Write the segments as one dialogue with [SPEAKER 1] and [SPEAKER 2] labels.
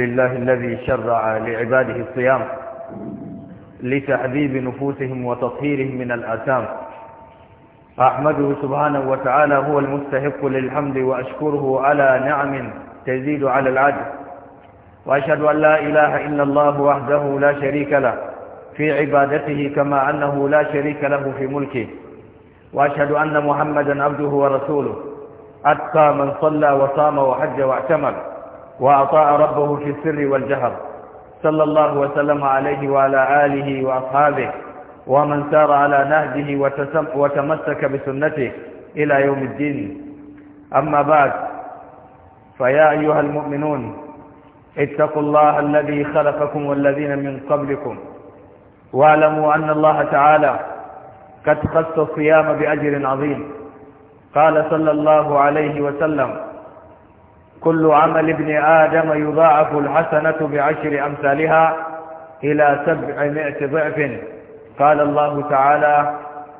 [SPEAKER 1] لله الذي شرع لعباده الصيام لتعذيب نفوسهم وتطهيرهم من الآثام أحمده سبحانه وتعالى هو المستحق للحمد وأشكره على نعم تزيد على العدل وأشهد أن لا إله إلا الله وحده لا شريك له في عبادته كما أنه لا شريك له في ملكه وأشهد أن محمدا عبده ورسوله أتقى من صلى وصام وحج واعتمر وأطاع ربه في السر والجهر صلى الله وسلم عليه وعلى آله وأصحابه ومن سار على نهجه وتمسك بسنته إلى يوم الدين أما بعد فيا أيها المؤمنون اتقوا الله الذي خلقكم والذين من قبلكم واعلموا أن الله تعالى قد خص الصيام بأجر عظيم قال صلى الله عليه وسلم كل عمل ابن آدم يضاعف الحسنة بعشر أمثالها إلى سبعمائة ضعف قال الله تعالى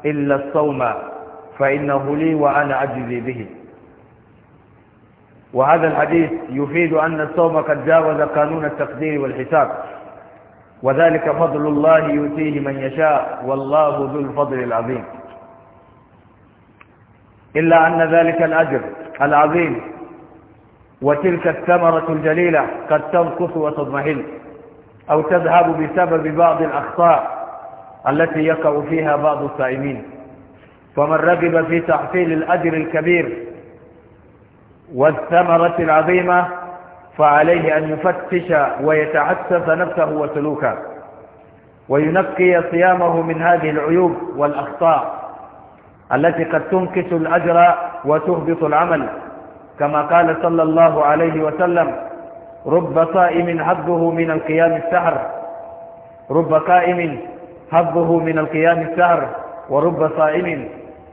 [SPEAKER 1] إلا الصوم فإنه لي وأنا أجزي به وهذا الحديث يفيد أن الصوم قد جاوز قانون التقدير والحساب وذلك فضل الله يؤتيه من يشاء والله ذو الفضل العظيم إلا أن ذلك الأجر العظيم وتلك الثمرة الجليلة قد تنقص وتضمحل أو تذهب بسبب بعض الأخطاء التي يقع فيها بعض الصائمين فمن رغب في تحصيل الأجر الكبير والثمرة العظيمة فعليه أن يفتش ويتعسف نفسه وسلوكه وينقي صيامه من هذه العيوب والأخطاء التي قد تنكس الأجر وتهبط العمل كما قال صلى الله عليه وسلم رب صائم حظه من القيام السحر رب قائم حظه من القيام السحر ورب صائم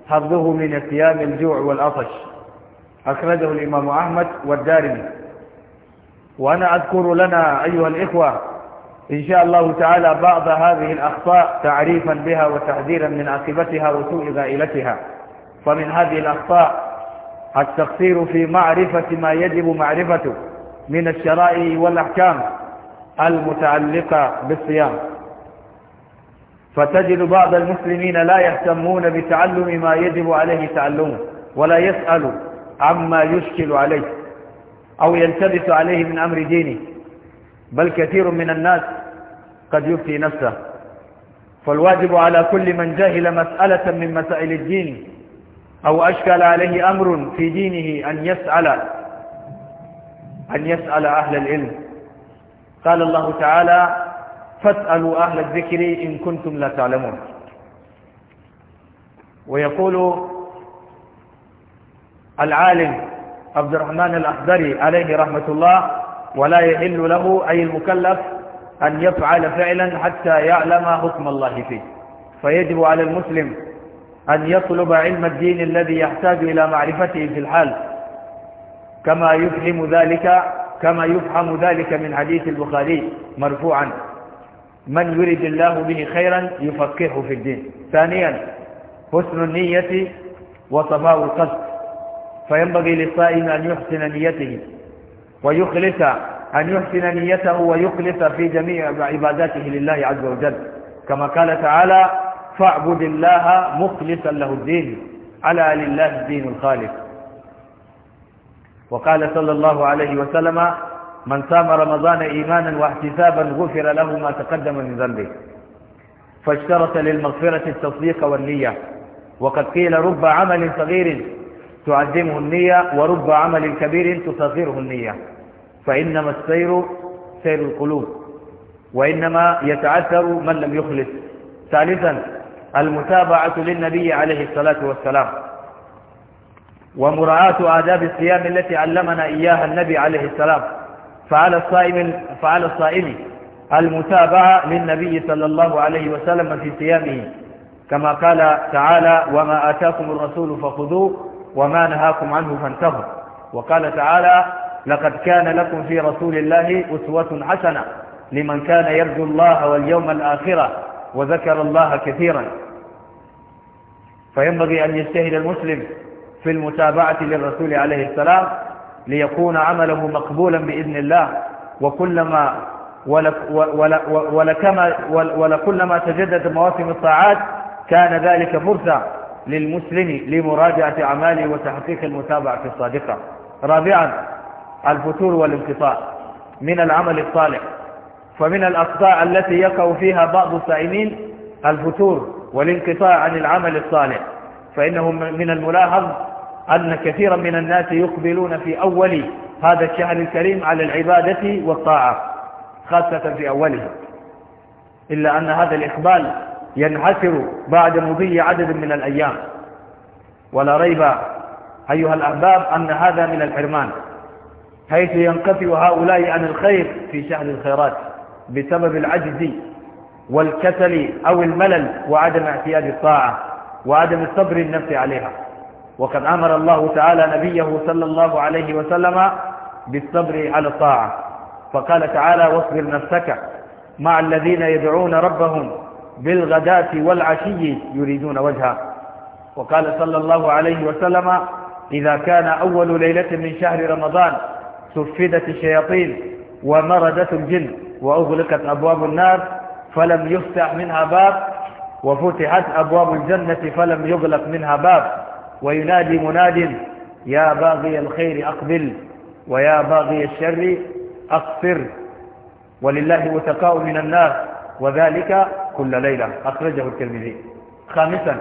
[SPEAKER 1] حظه من القيام الجوع والعطش أخرجه الإمام أحمد والدارمي وأنا أذكر لنا أيها الإخوة إن شاء الله تعالى بعض هذه الأخطاء تعريفا بها وتحذيرا من عاقبتها وسوء غائلتها فمن هذه الأخطاء التقصير في معرفة ما يجب معرفته من الشرائع والأحكام المتعلقة بالصيام فتجد بعض المسلمين لا يهتمون بتعلم ما يجب عليه تعلمه ولا يسأل عما يشكل عليه أو يلتبس عليه من أمر دينه بل كثير من الناس قد يفتي نفسه فالواجب على كل من جهل مسألة من مسائل الدين أو أشكل عليه أمر في دينه أن يسأل أن يسأل أهل العلم قال الله تعالى فاسألوا أهل الذكر إن كنتم لا تعلمون ويقول العالم عبد الرحمن الأخضري عليه رحمة الله ولا يحل له أي المكلف أن يفعل فعلا حتى يعلم حكم الله فيه فيجب على المسلم أن يطلب علم الدين الذي يحتاج إلى معرفته في الحال كما يفهم ذلك كما يفهم ذلك من حديث البخاري مرفوعا من يرد الله به خيرا يفقهه في الدين ثانيا حسن النية وصفاء القصد فينبغي للصائم أن يحسن نيته ويخلص أن يحسن نيته ويخلص في جميع عباداته لله عز وجل كما قال تعالى فاعبد الله مخلصا له الدين على لله الدين الخالص وقال صلى الله عليه وسلم من صام رمضان إيمانا واحتسابا غفر له ما تقدم من ذنبه فاشترط للمغفرة التصديق والنية وقد قيل رب عمل صغير تعدمه النية ورب عمل كبير تصغره النية فإنما السير سير القلوب وإنما يتعثر من لم يخلص ثالثا المتابعة للنبي عليه الصلاة والسلام ومراعاة آداب الصيام التي علمنا إياها النبي عليه السلام فعلى الصائم فعلى الصائم المتابعة للنبي صلى الله عليه وسلم في صيامه كما قال تعالى وما آتاكم الرسول فخذوه وما نهاكم عنه فانتهوا وقال تعالى لقد كان لكم في رسول الله أسوة حسنة لمن كان يرجو الله واليوم الآخرة وذكر الله كثيرا فينبغي أن يجتهد المسلم في المتابعة للرسول عليه السلام ليكون عمله مقبولا بإذن الله وكلما ولكما ولكلما تجدد مواسم الطاعات كان ذلك فرصة للمسلم لمراجعة أعماله وتحقيق المتابعة الصادقة رابعا الفتور والانقطاع من العمل الصالح فمن الأخطاء التي يقع فيها بعض الصائمين الفتور والانقطاع عن العمل الصالح فإنه من الملاحظ أن كثيرا من الناس يقبلون في أول هذا الشهر الكريم على العبادة والطاعة خاصة في أوله إلا أن هذا الإقبال ينحسر بعد مضي عدد من الأيام ولا ريب أيها الأحباب أن هذا من الحرمان حيث ينقطع هؤلاء عن الخير في شهر الخيرات بسبب العجز والكسل أو الملل وعدم اعتياد الطاعة وعدم الصبر النفس عليها وقد أمر الله تعالى نبيه صلى الله عليه وسلم بالصبر على الطاعة فقال تعالى واصبر نفسك مع الذين يدعون ربهم بالغداة والعشي يريدون وجهه وقال صلى الله عليه وسلم إذا كان أول ليلة من شهر رمضان سفدت الشياطين ومردت الجن وأغلقت أبواب النار فلم يفتح منها باب وفتحت أبواب الجنة فلم يغلق منها باب وينادي مناد يا باغي الخير أقبل ويا باغي الشر أقصر ولله وتقاء من النار وذلك كل ليلة أخرجه الترمذي خامسا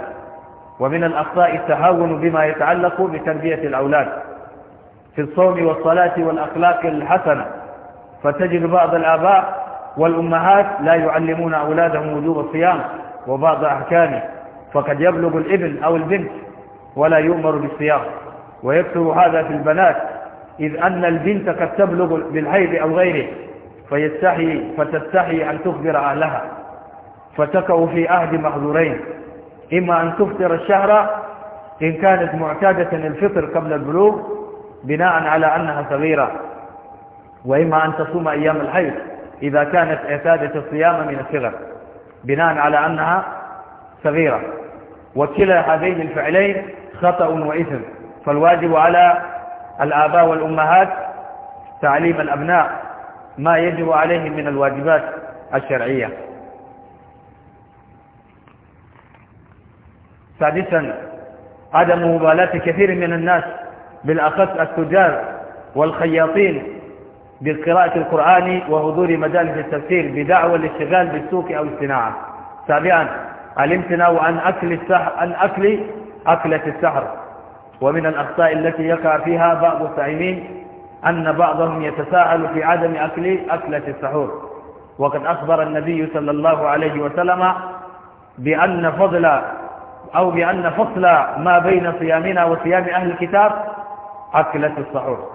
[SPEAKER 1] ومن الأخطاء التهاون بما يتعلق بتربية الأولاد في الصوم والصلاة والأخلاق الحسنة فتجد بعض الآباء والأمهات لا يعلمون أولادهم وجوب الصيام وبعض أحكامه فقد يبلغ الابن أو البنت ولا يؤمر بالصيام ويكثر هذا في البنات إذ أن البنت قد تبلغ بالحيض أو غيره فيستحي فتستحي أن تخبر أهلها فتقع في عهد محظورين إما أن تفطر الشهر إن كانت معتادة الفطر قبل البلوغ بناء على أنها صغيرة وإما أن تصوم أيام الحيض إذا كانت إعتادة الصيام من الصغر بناء على أنها صغيرة وكلا هذين الفعلين خطأ وإثم فالواجب على الآباء والأمهات تعليم الأبناء ما يجب عليهم من الواجبات الشرعية سادسا عدم مبالاة كثير من الناس بالأخص التجار والخياطين بقراءة القرآن وحضور مجالس التفسير بدعوى الاشتغال بالسوق أو الصناعة سابعا الامتناع عن أكل السحر عن أكل أكلة السحر ومن الأخطاء التي يقع فيها بعض الصائمين أن بعضهم يتساءل في عدم أكل أكلة السحور وقد أخبر النبي صلى الله عليه وسلم بأن فضل أو بأن فصل ما بين صيامنا وصيام أهل الكتاب أكلة السحور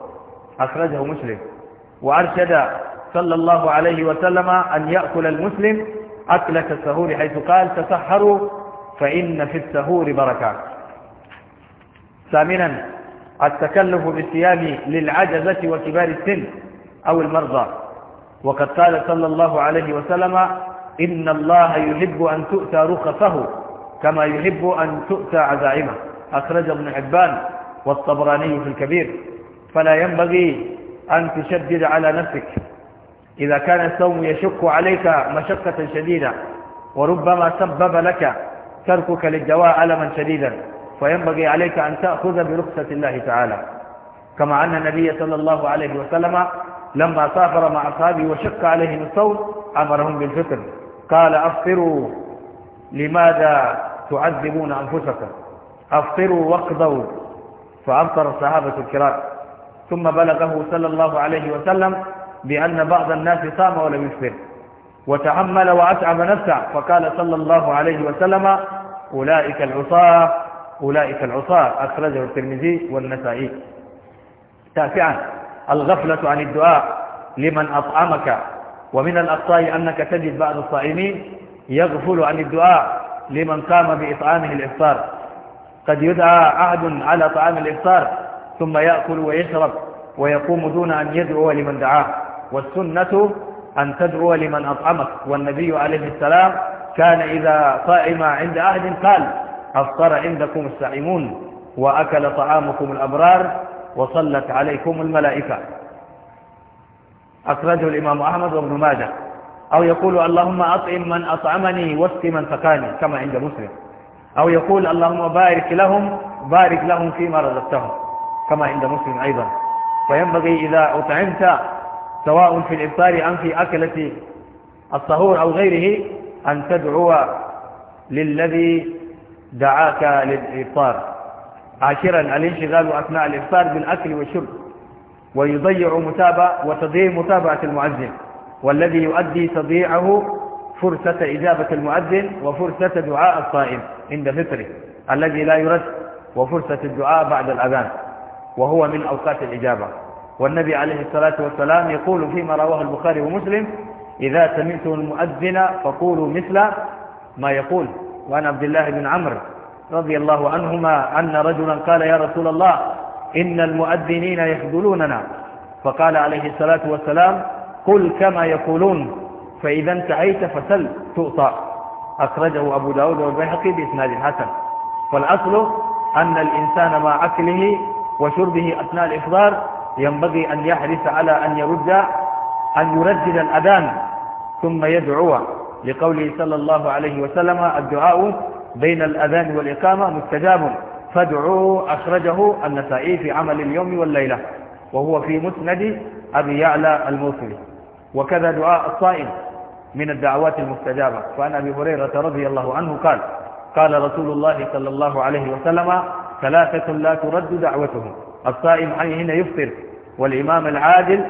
[SPEAKER 1] أخرجه مسلم وأرشد صلى الله عليه وسلم أن يأكل المسلم أكلة السهور حيث قال تسحروا فإن في السهور بركات ثامنا التكلف بالصيام للعجزة وكبار السن أو المرضى وقد قال صلى الله عليه وسلم إن الله يحب أن تؤتى رخصه كما يحب أن تؤتى عزائمه أخرج ابن حبان والطبراني في الكبير فلا ينبغي أن تشدد على نفسك إذا كان الصوم يشق عليك مشقة شديدة وربما سبب لك تركك للدواء ألما شديدا فينبغي عليك أن تأخذ برخصة الله تعالى كما أن النبي صلى الله عليه وسلم لما سافر مع أصحابه وشق عليهم الصوم أمرهم بالفطر قال أفطروا لماذا تعذبون أنفسكم أفطروا واقضوا فأفطر الصحابة الكرام ثم بلغه صلى الله عليه وسلم بأن بعض الناس صام ولم يفطر وتحمل وأتعب نفسه فقال صلى الله عليه وسلم أولئك العصاة أولئك العصاة أخرجه الترمذي والنسائي تاسعا الغفلة عن الدعاء لمن أطعمك ومن الأخطاء أنك تجد بعض الصائمين يغفل عن الدعاء لمن قام بإطعامه الإفطار قد يدعى أحد على طعام الإفطار ثم يأكل ويشرب ويقوم دون أن يدعو لمن دعاه والسنة أن تدعو لمن أطعمك والنبي عليه السلام كان إذا صائم عند أهل قال أفطر عندكم السائمون وأكل طعامكم الأبرار وصلت عليكم الملائكة أخرجه الإمام أحمد وابن ماجه أو يقول اللهم أطعم من أطعمني واسق من سقاني كما عند مسلم أو يقول اللهم بارك لهم بارك لهم فيما رزقتهم كما عند مسلم أيضا فينبغي إذا أطعمت سواء في الإفطار أم في أكلة الصهور أو غيره أن تدعو للذي دعاك للإفطار عاشرا الانشغال أثناء الإفطار بالأكل والشرب ويضيع متابعة وتضيع متابعة المؤذن والذي يؤدي تضييعه فرصة إجابة المؤذن وفرصة دعاء الصائم عند فطره الذي لا يرد وفرصة الدعاء بعد الأذان وهو من أوقات الإجابة والنبي عليه الصلاة والسلام يقول فيما رواه البخاري ومسلم إذا سمعتم المؤذن فقولوا مثل ما يقول وعن عبد الله بن عمرو رضي الله عنهما أن رجلا قال يا رسول الله إن المؤذنين يخذلوننا فقال عليه الصلاة والسلام قل كما يقولون فإذا انتهيت فسل تؤطى أخرجه أبو داود والبيهقي بإسناد حسن فالأصل أن الإنسان مع أكله وشربه أثناء الإفطار ينبغي أن يحرص على أن يرد أن يردد الأذان ثم يدعو لقوله صلى الله عليه وسلم الدعاء بين الأذان والإقامة مستجاب فادعوا أخرجه النسائي في عمل اليوم والليلة وهو في مسند أبي يعلى الموصلي وكذا دعاء الصائم من الدعوات المستجابة فعن أبي هريرة رضي الله عنه قال قال رسول الله صلى الله عليه وسلم ثلاثة لا ترد دعوتهم الصائم حين يفطر والإمام العادل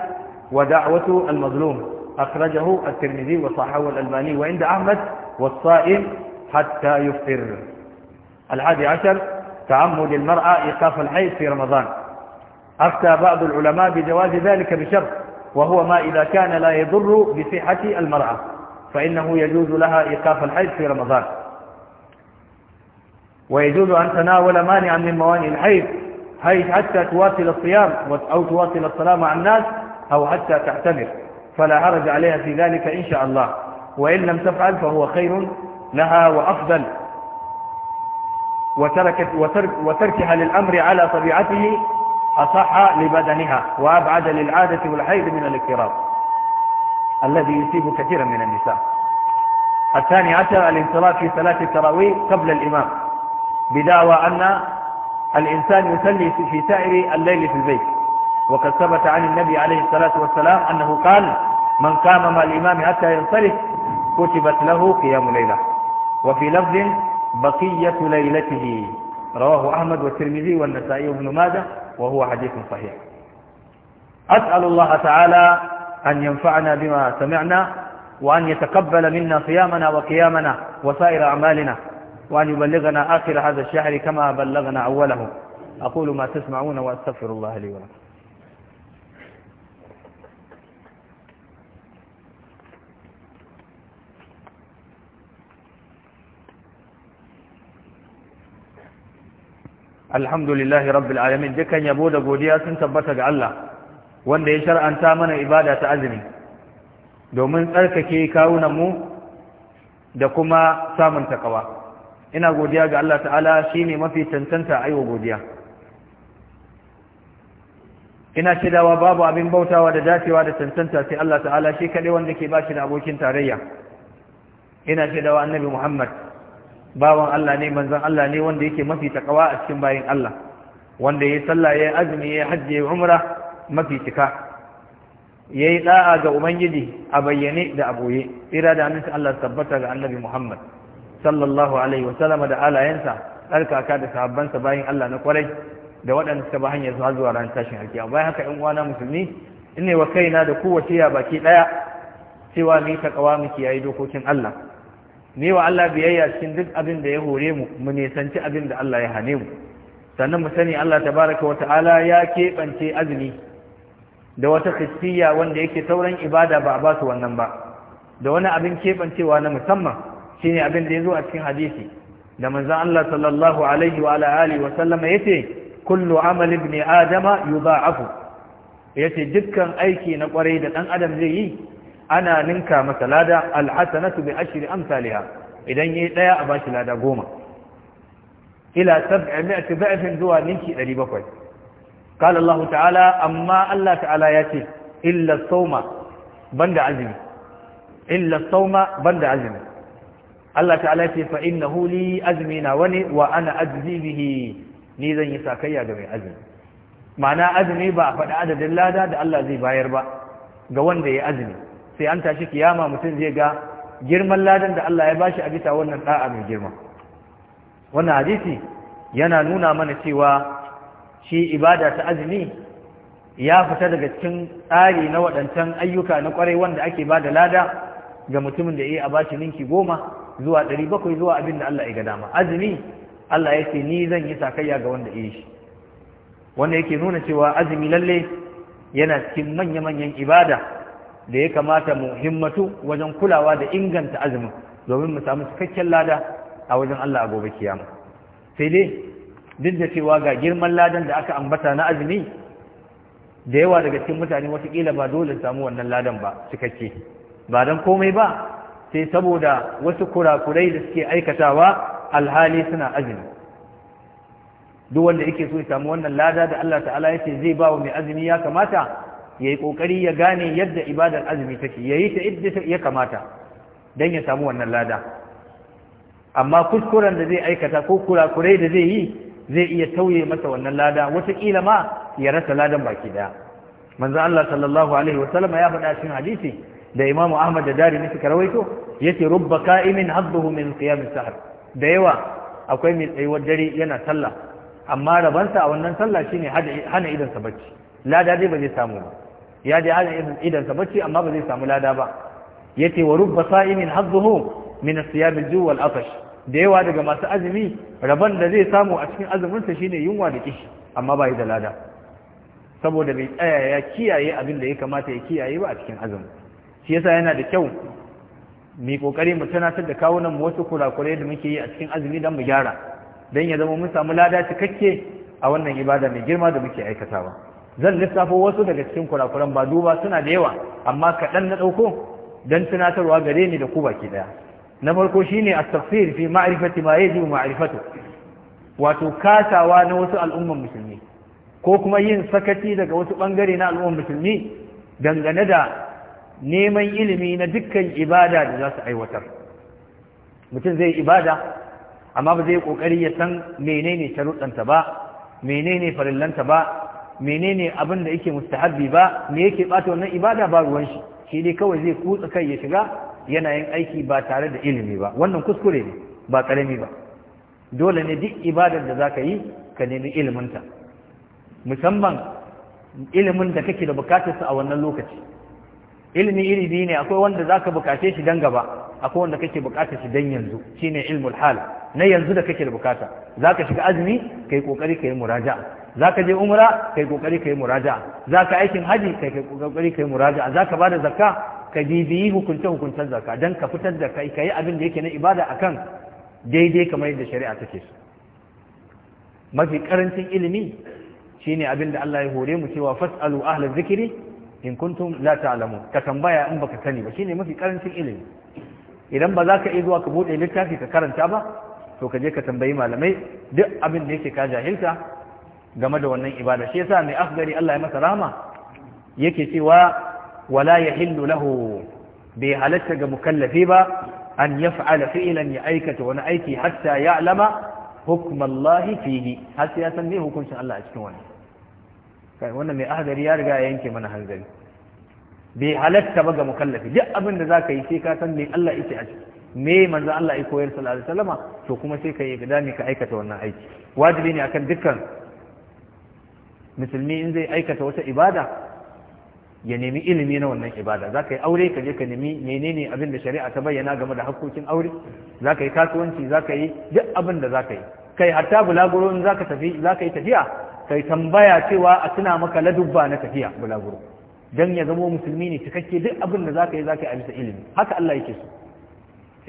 [SPEAKER 1] ودعوة المظلوم أخرجه الترمذي وصححه الألباني وعند أحمد والصائم حتى يفطر الحادي عشر تعمد المرأة إيقاف الحيض في رمضان أفتى بعض العلماء بجواز ذلك بشرط وهو ما إذا كان لا يضر بصحة المرأة فإنه يجوز لها إيقاف الحيض في رمضان ويجوز أن تناول مانعا من موانع الحيض حيث حتى تواصل الصيام أو تواصل الصلاة مع الناس أو حتى تعتمر فلا حرج عليها في ذلك إن شاء الله وإن لم تفعل فهو خير لها وأفضل وتركت وترك وتركها للأمر على طبيعته أصح لبدنها وأبعد للعادة والحيض من الاكتراب الذي يصيب كثيرا من النساء الثاني عشر الانصراف في صلاة التراويح قبل الإمام بدعوى أن الإنسان يصلي في سائر الليل في البيت وقد ثبت عن النبي عليه الصلاة والسلام أنه قال من قام مع الإمام حتى ينصرف كتبت له قيام ليلة وفي لفظ بقية ليلته رواه أحمد والترمذي والنسائي وابن ماجه وهو حديث صحيح أسأل الله تعالى أن ينفعنا بما سمعنا وأن يتقبل منا صيامنا وقيامنا وسائر أعمالنا وأن يبلغنا آخر هذا الشهر كما بلغنا أوله أقول ما تسمعون وأستغفر الله لي ولكم alhamdulillahi rabbil alamin dukan yabo da godiya sun tabbata ga Allah wanda ya shar'anta mana ibada ta azumi domin tsarkake kawunan mu da kuma samun ƙawa. ina godiya ga Allah ta'ala shi ne mafi tantanta aiwa godiya ina shaidawa babu abin bautawa da dacewa da tantanta sai Allah ta'ala shi kadai wanda ke bashi da abokin tarayya ina shaidawa annabi Muhammad bawan Allah ne manzan Allah ne wanda yake mafi takawa a cikin bayan Allah wanda yayi sallah yi azumi yayi hajji ya yi umra mafi cika ya yi ɗa'a ga ubangiji a bayyane da aboye tsira da annabi Allah tabbata ga annabi Muhammad sallallahu alaihi wa sallama da alayensa tsarkaka da sahabbansa bayan Allah na kwarai da waɗanda suka ba hanyar zuwa zuwa ran tashin alkiyama bayan haka ƴan uwana musulmi ne wa kaina da kowace ya baki ɗaya cewa ni kawa mu kiyaye dokokin Allah ni wa Allah biyayya cikin duk abin da ya hore mu mu nisanci abin da Allah ya hane mu sannan mu sani Allah tabaraka wa ta'ala ya keɓance azumi da wata kristiya wanda yake sauran ibada ba a ba su wannan ba da wani abin keɓancewa na musamman shine abin da ya zo a cikin hadisi da manzan Allah sallallahu alaihi wa alihi wa sallama ce, kullu amali ibn adama Ya ce, dukkan aiki na kwarai da ɗan adam zai yi ana ninka masa lada alhasanatu bi ashri amsalha idan ya yi ɗaya a bashi lada goma ila 700 da'fin zuwa ninki 700 قال الله تعالى أما الله تعالى ياتي إلا الصوم بند عزمي إلا الصوم بند عزمي Allah ta'ala ce fa innahu li azmina wani wa ana ajzi bihi ni zan yi sakayya ga mai azumi ma'ana azumi ba a faɗi adadin lada da Allah zai bayar ba ga wanda ya azumi sai an tashi kiyama mutum zai ga girman ladan da Allah ya bashi a bisa wannan da'a mai girma wannan hadisi yana nuna mana cewa shi ibada ta azumi ya fita daga cikin tsari na waɗancan ayyuka na ƙwarai wanda ake ba da lada ga mutumin da ya yi a bashi ninki goma zuwa ɗari bakwai zuwa abin da Allah ya ga dama azumi Allah ya ce ni zan yi sakayya ga wanda ya shi wanda yake nuna cewa azumi lalle yana cikin manya-manyan ibada da ya kamata mu himmatu wajen kulawa da inganta azumi domin mu samu cikakken lada a wajen Allah a gobe kiyama sai dai duk da cewa ga girman ladan da aka ambata na azumi da yawa daga cikin mutane watakila ba dole samu wannan ladan ba cikakke ba don komai ba sai saboda wasu kurakurai da suke aikatawa alhali suna azumi duk wanda yake so ya samu wannan lada da Allah ta'ala yake zai ba wa mai azumi ya kamata yayi kokari ya gane yadda ibadar azumi take yayi ta idda ya kamata dan ya samu wannan lada amma kuskuren da zai aikata ko kurakurai da zai yi zai iya tauye masa wannan lada wataƙila ma ya rasa ladan baki daya manzo Allah sallallahu alaihi wasallam ya faɗa cikin hadisi da imamu ahmad da nufi karawaito ya ce rubba ka'imin hadduhu min qiyam sahar da yawa akwai mai tsayuwar dare yana sallah amma rabansa a wannan sallah shine hana idan sa bacci lada dai ba zai samu ba ya je hana idan sa bacci amma ba zai samu lada ba Ya ce wa rubba sa'imin hadduhu min as ju wal da yawa daga masu azumi rabon da zai samu a cikin azuminsa shi shine yunwa da kishi amma ba yi da lada saboda bai tsaya ya kiyaye abin da ya kamata ya kiyaye ba a cikin azumi shi yasa yana da kyau mu kokari mu tunatar da kawunan mu wasu kurakurai da muke yi a cikin azumi dan mu gyara don ya zama mun samu lada cikakke a wannan ibada mai girma da muke aikatawa zan lissafo wasu daga cikin kurakuran ba duba suna da yawa amma kaɗan na ɗauko don tunatarwa gare ni da ku baki ɗaya na farko shine astaghfir tafsir fi ma'rifati ma yajibu ma'rifatu wato kasawa na wasu al'umman musulmi ko kuma yin sakati daga wasu bangare na al'umman musulmi dangane da neman ilimi na dukkan ibada da za su aiwatar mutum zai ibada amma ba zai yi ƙoƙari ya san menene sharuɗanta ba menene farillanta ba menene abin da yake mustahabbi ba me yake bata wannan ibada ba ruwan shi shi dai kawai zai kutsa kai ya shiga yana yin aiki ba tare da ilimi ba wannan kuskure ne ba ƙarami ba dole ne duk ibadar da za ka yi ka nemi iliminta musamman ilimin da kake da bukatarsa a wannan lokaci ilimi iri biyu ne akwai wanda zaka bukace shi dan gaba akwai wanda kake bukata shi dan yanzu shine ilmul hal na yanzu da kake da bukata zaka shiga azumi kai kokari muraja za zaka je umra kai kokari muraja za zaka aikin haji kai kokari kai muraja'a zaka bada zakka ka bibiyi hukunta hukuncen zakka don ka fitar da kai yi abin da yake na ibada a kan daidai kamar yadda shari'a take su mafi karancin ilimi shine abin da Allah ya hore mu cewa fasalu ahlaz zikiri. in kuntum la ta'lamu ka tambaya in baka sani ba shine mafi karancin ilimi idan ba za ka iya zuwa ka bude littafi ka karanta ba to ka je ka tambayi malamai duk abin da yake ka jahilta game da wannan ibada shi yasa mai afgari Allah ya masa rahama yake cewa wala yahillu lahu bai halatta ga mukallafi ba an yaf'ala fi'lan ya aikata wani aiki hatta ya'lama hukmallahi fihi har sai ya san me hukuncin Allah a cikin wannan wannan mai ahadari ya riga ya yanke mana hanzari bai halatta ba ga mukallafi duk abin da zaka yi sai ka san me Allah yake a ciki me manzo Allah ya koyar sallallahu alaihi wasallama to kuma sai ka yi gudani ka aikata wannan aiki wajibi ne akan dukkan musulmi in zai aikata wata ibada ya nemi ilimi na wannan ibada zaka yi aure ka je ka nemi menene abin da shari'a ta bayyana game da hakkokin aure za ka yi kasuwanci za yi duk abin da za yi kai hatta bulaguro in za tafi za yi tafiya kai tambaya cewa a tuna maka ladubba na tafiya bulaguro dan ya zama musulmi ne cikakke duk abin da zaka yi zaka yi a bisa ilimi haka Allah yake so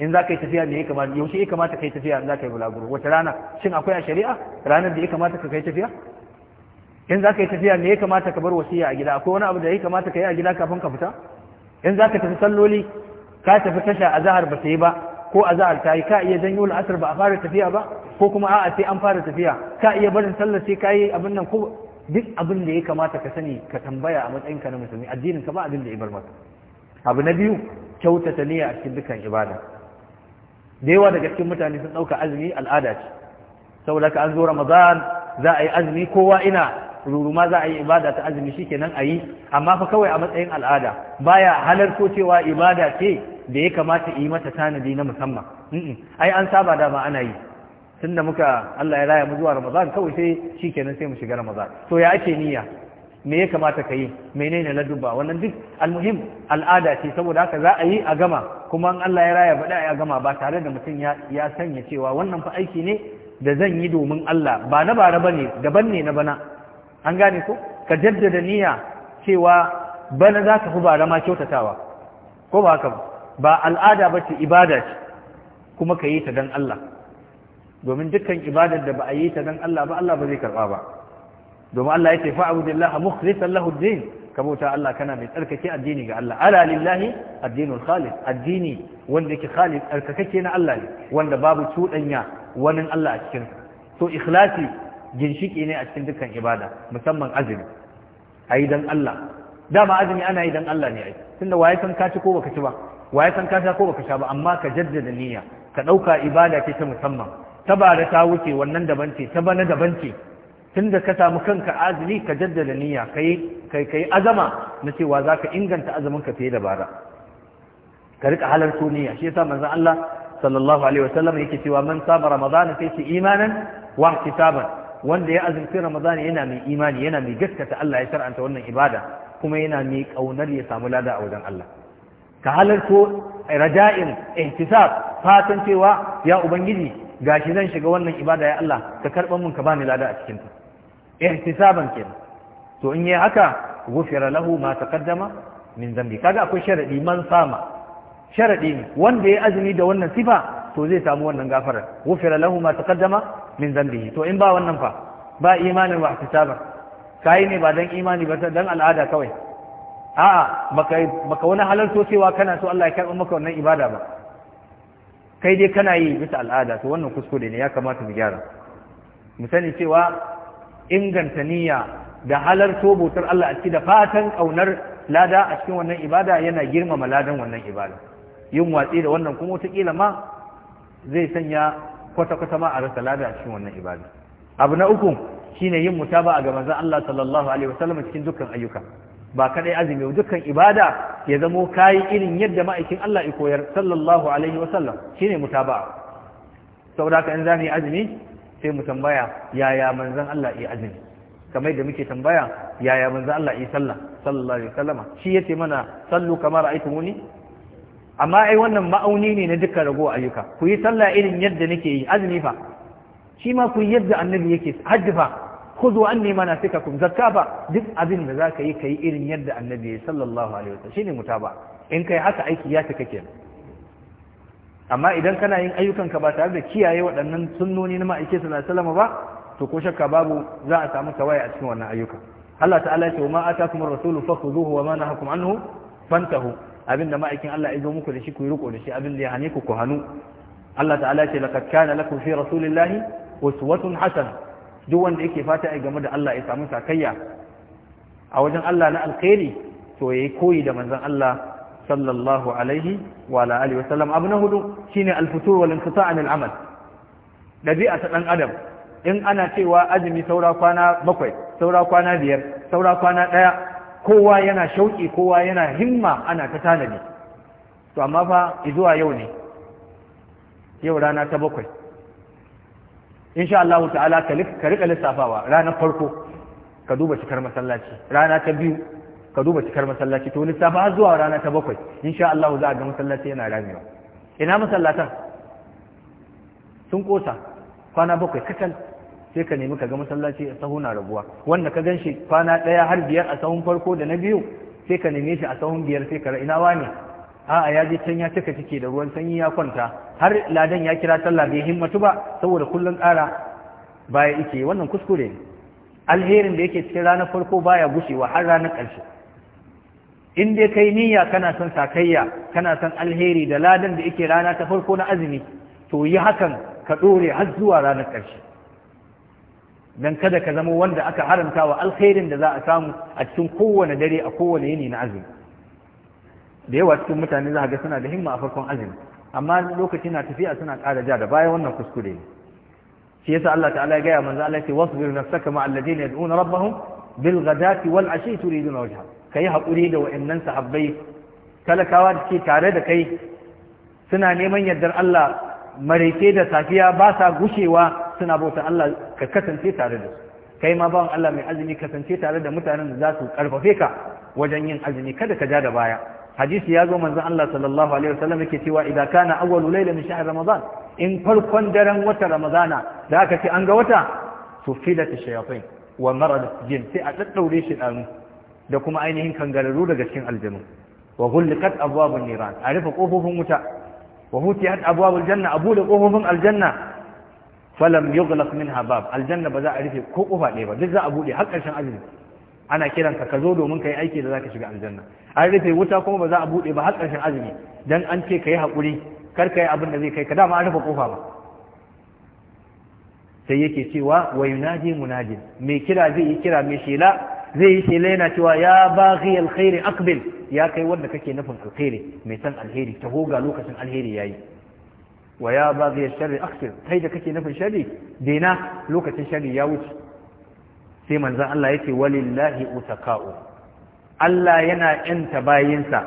[SPEAKER 1] in za yi tafiya ne ya kamata yaushe ya kamata ka yi tafiya in zaka yi bulaguro wata rana shin akwai a shari'a ranar da ya kamata ka kai tafiya in za yi tafiya ne ya kamata ka bar wasiya a gida akwai wani abu da ya kamata ka yi a gida kafin ka fita in za tafi salloli ka tafi tasha a zahar ba ta yi ba ko azahar ta yi ka iya janyo la'asar ba a fara tafiya ba ko kuma a'a sai an fara tafiya ka iya barin sallar sai ka yi abin nan ko duk abin da ya kamata ka sani ka tambaya a matsayinka na musulmi addinin ka ba abin da ya bar maka abu na biyu kyautata niyya a cikin dukkan ibada da yawa daga cikin mutane sun ɗauka azumi al'ada ce saboda ka an zo ramadan za a yi azumi kowa ina ruruma za a yi ibada ta azumi shikenan a yi amma fa kawai a matsayin al'ada baya halarto cewa ibada ce da ya kamata yi mata tanadi na musamman ai an saba dama ana yi tun da muka Allah ya raya mu zuwa Ramadan kawai sai kenan sai mu shiga Ramadan to ya ake niyya me ya kamata ka yi menene ladubba wannan duk almuhim al'ada ce saboda haka za a yi a gama kuma an Allah ya raya bada ya gama ba tare da mutum ya ya sanya cewa wannan fa aiki ne da zan yi domin Allah ba na bara bane daban ne na bana an gane ko ka jaddada niyya cewa bana za ka fi bara ma kyautatawa ko ba haka ba ba al'ada ba ce ibada ce kuma ka yi ta don Allah domin dukkan ibadar da ba a yi ta don Allah ba Allah ba zai karɓa ba domin Allah ya ce fa'abudillaha mukhlishan lahu din ka bauta Allah kana mai tsarkake addini ga Allah ala lillahi addinul khalis addini wanda yake khalis tsarkake na Allah ne wanda babu cuɗanya wani Allah a cikin to ikhlasi ginshiki ne a cikin dukkan ibada musamman azumi yi dan Allah dama azumi ana yi dan Allah ne ai tunda waye san ka ci ko baka ci ba waye san ka sha ko baka sha ba amma ka jaddada niyya ka ɗauka ibada ce ta musamman ta bara ta wuce wannan daban ce ta bana daban ce tunda ka samu kanka azumi ka jaddada niyya kai kai azama na cewa za ka inganta azumin ka fiye da bara ka rika halarto niyya shi yasa manzon Allah sallallahu alaihi wasallam yake cewa man saba ramadan sai shi imanan wa ihtisaban wanda ya azumci ramadan yana mai imani yana mai gaskata Allah ya shar'anta wannan ibada kuma yana mai kaunar ya samu lada a wajen Allah ka halarto raja'in ihtisab fatan cewa ya ubangiji gashi zan shiga wannan ibada ya Allah ka karɓar mun ka bani lada a cikin ta ihtisaban kenan to in yi haka gufira lahu ma taqaddama min zambi kaga akwai sharadi man sama sharadi ne wanda ya azumi da wannan sifa to zai samu wannan gafarar gufira lahu ma taqaddama min zambihi to in ba wannan fa ba imanin wa ihtisaban kai ne ba dan imani ba dan al'ada kawai a'a baka wani halarto cewa kana so Allah ya karɓi maka wannan ibada ba kai dai kana yi bisa al'ada to wannan kuskure ne ya kamata mu gyara mu sani cewa inganta niyya da halarto bautar Allah a ciki da fatan kaunar lada a cikin wannan ibada yana girmama ladan wannan ibada yin watsi da wannan kuma wataƙila ma zai sanya kwata-kwata ma a rasa lada a cikin wannan ibada abu na uku shine yin mutaba a ga manzon Allah sallallahu alaihi wasallam cikin dukkan ayyuka ba kadai azumi dukkan ibada ya zamo kayi irin yadda ma'aikin Allah ya koyar sallallahu alaihi wa sallam shine mutaba'a saboda haka in zamu yi azumi sai mu tambaya yaya manzon Allah ya azumi kamar da muke tambaya yaya manzon Allah ya sallah sallallahu alaihi wa sallama shi yace mana sallu kama ra'aytumuni amma ai wannan ma'auni ne na dukkan rago ayyuka ku yi sallah irin yadda nake yi azumi fa shi ma ku yadda annabi yake hajji fa na anni manasikakum zakka ba duk abin da ka yi irin yadda annabi ya sallallahu alaihi wasallam shine mutaba in kai haka aiki ya ta kenan amma idan kana yin ayyukan ka ba tare da kiyaye waɗannan sunnoni na ma'aike sallallahu ba to ko shakka babu za a samu tawaya a cikin wannan ayyuka Allah ta'ala ya ce ma atakum kuma rasulu fakhuduhu wa ma nahakum anhu fantahu abinda ma'aikin Allah ya zo muku da shi ku yi riko da shi abin da ya hane ku ku hanu Allah ta'ala ya ce laqad kana lakum fi rasulillahi uswatun hasana duk wanda yake fata a game da Allah ya samu sakayya a wajen Allah na alkhairi to yi koyi da manzan Allah sallallahu alaihi wa ala wa sallam abu na hudu shine al-futur wal inqita' an amal dabi'a ta ɗan adam in ana cewa azumi saura kwana bakwai saura kwana biyar saura kwana ɗaya, kowa yana shauƙi, kowa yana himma ana ta tanadi to amma fa izuwa yau ne yau rana ta bakwai insha Allah ta'ala ka rika lissafawa ranar farko ka duba cikar masallaci rana ta biyu ka duba cikar masallaci to lissafa har zuwa rana ta bakwai insha Allah za a ga masallaci yana ramewa ina masallatan sun kosa kwana bakwai kacal sai ka nemi ka ga masallaci a sahu na rabuwa wanda ka gan shi kwana ɗaya har biyar a sahun farko da na biyu sai ka neme shi a sahun biyar sai ka ra ina ne a'a ya je can ya cika ciki da ruwan sanyi ya kwanta har ladan ya kira sallah bai himmatu ba saboda kullun ƙara baya ike wannan kuskure ne alherin da yake cikin ranar farko baya gushewa har ranar ƙarshe in dai kai niyya kana son sakayya kana son alheri da ladan da yake rana ta farko na azumi to yi hakan ka ɗore har zuwa ranar ƙarshe Dan kada ka zama wanda aka haramta wa alherin da za a samu a cikin kowane dare a kowane yini na azumi da yawa cikin mutane za ga suna da himma a farkon azumi amma lokaci na tafiya suna ƙara ja da baya wannan kuskure ne shi yasa Allah ta'ala ya gaya manzo Allah ya ce wasbir nafsaka ma alladhina yad'una rabbahum bil ghadati wal ashi turiduna wajha kai haƙuri da wa'annan sahabbai talakawa da ke tare da kai suna neman yardar Allah mareke da safiya ba sa gushewa suna bauta Allah ka kasance tare da su kai ma bawan Allah mai azumi kasance tare da mutanen da za su karfafe ka wajen yin azumi kada ka ja da baya hadisi ya zo manzon Allah sallallahu alaihi wasallam yake cewa idan kana na layla min shahr ramadan in farkon daren wata ramadana da aka ce an ga wata sufilat shayatin wa maradat jin sai a daddaure shi dan da kuma ainihin kangararru daga cikin aljanu wa ghulqat abwabun niran a rufe kofofin wuta wa hutiyat abwabul janna abu da kofofin aljanna falam yughlaq minha bab aljanna ba za a rufe ko ɗaya ba duk za a buɗe har ƙarshen azumi ana kiran ka zo domin yi aiki da zaka shiga aljanna an rufe wuta kuma ba za a bude ba har ƙarshen azumi dan an ce kai hakuri kar kai abin da zai kai ka dama an rufe kofa ba sai yake cewa wa yunadi munadin mai kira zai yi kira mai shela zai yi shela yana cewa ya baghi alkhairi aqbil ya kai wanda kake nufin alkhairi mai san alheri taho ga lokacin alheri yayi wa ya baghi alsharri aqbil kai da kake nufin sharri dena lokacin sharri ya wuce sai manzon Allah ya ce walillahi utaka'u Allah yana yanta bayinsa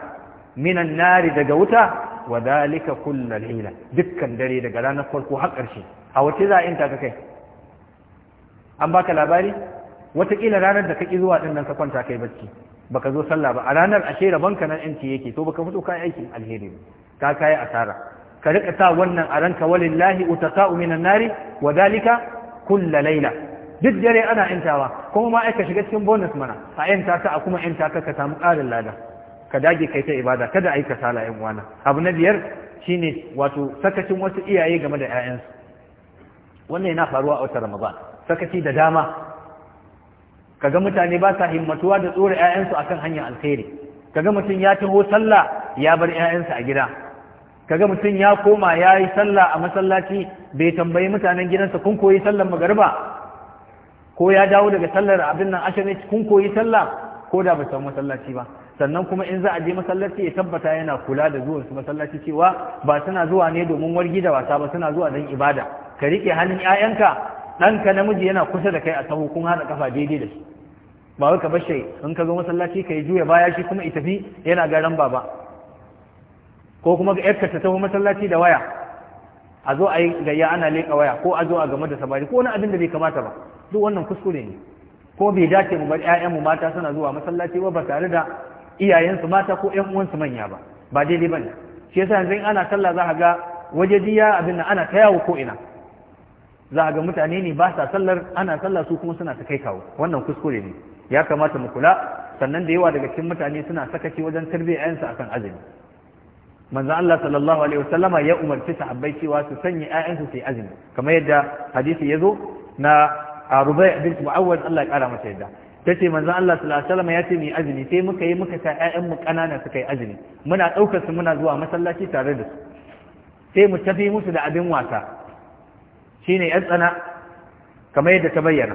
[SPEAKER 1] minan nari daga wuta wa dalika kullal hila dukkan dare daga ranar farko har ƙarshe a wace za a yanta ka kai an baka labari watakila ranar da kaki zuwa dinnan ka kwanta kai bacci baka zo sallah ba a ranar ashe rabanka nan yanci yake to baka fito kan aikin alheri ne, ka kayi asara ka rika sa wannan a ranka walillahi utakau minan nari wa dalika kullu laila. duk dare ana intawa, kuma ma aika shiga cikin bonus mana a yanta ta a kuma yanta ka ka samu ƙarin lada ka dage kai ta ibada kada ai ka sala yan uwana abu na biyar shine wato sakacin wasu iyaye game da ƴaƴansu wannan yana faruwa a wata Ramadan sakaci da dama kaga mutane ba sa himmatuwa da tsora ƴaƴansu akan hanyar alkhairi kaga mutum ya taho sallah ya bar ƴaƴansa a gida kaga mutum ya koma ya yi sallah a masallaci bai tambayi mutanen gidansa kun koyi sallar magariba ko ya dawo daga sallar abin nan ashirin kun koyi sallah ko da ba samu masallaci ba sannan kuma in za a je masallaci ya tabbata yana kula da zuwan su masallaci cewa ba suna zuwa ne domin wargi da wasa ba suna zuwa don ibada ka rike halin ƴaƴanka ɗanka namiji yana kusa da kai a sahu kun haɗa kafa daidai da shi ba wai ka bashe in ka zo masallaci ka yi juya baya shi kuma itafi yana garan baba ko kuma ga yarka ta taho masallaci da waya a zo a yi gayya ana leƙa waya ko a zo a game da samari ko wani abin da bai kamata ba duk wannan kuskure ne ko bai dace mu bar ƴaƴanmu mata suna zuwa masallaci ba ba tare da iyayensu mata ko ƴan uwansu manya ba ba daidai bane shi yasa yanzu ana sallah za a ga waje diya abin nan ana ta yawo ko ina za ga mutane ne ba sa sallar ana sallah su kuma suna ta kai kawo wannan kuskure ne ya kamata mu kula sannan da yawa daga cikin mutane suna sakaci wajen tarbiyyar ƴaƴansu akan azumi manzo Allah sallallahu alaihi wasallama ya umarci sahabbai cewa su sanya ƴaƴansu su yi azumi kamar yadda hadisi ya zo na a rubai bint mu'awwad Allah ya ƙara masa yadda tace manzo Allah sallallahu ya ce mu azumi sai muka yi muka sa ƴaƴan mu kanana suka yi azumi muna daukar su muna zuwa masallaci tare da su sai mu tafi musu da abin wasa shine yan tsana kamar yadda ta bayyana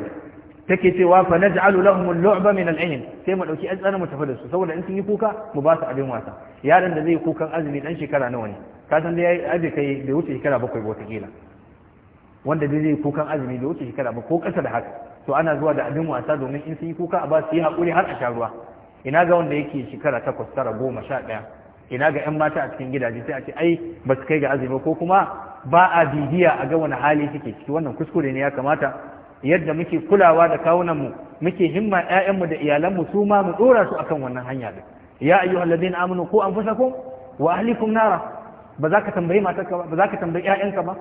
[SPEAKER 1] take cewa fa naj'alu lahum al-lu'ba min al-'ayn sai mu dauki yan tsana mu tafi da su saboda in sun yi kuka mu ba su abin wasa yaron da zai yi kukan azumi dan shekara nawa ne ka san da yayi aje kai bai wuce shekara bakwai ba wata kila wanda dai zai kukan azumi da wuce shekara ba ko ƙasa da haka to ana zuwa da abin wasa domin in sun yi kuka a ba su yi haƙuri har a sha ruwa ina ga wanda yake shekara takwas tara goma sha ɗaya ina ga 'yan mata a cikin gidaje sai a ce ai ba su kai ga azumi ko kuma ba a bibiya a ga wani hali suke ciki wannan kuskure ne ya kamata yadda muke kulawa da kawunanmu muke himma 'ya'yanmu da iyalanmu su ma mu ɗora su akan wannan hanya din ya ayyuhal amanu ku anfusakum wa ahlikum nara ba za ka tambayi matarka ba ba za ka tambayi 'ya'yanka ba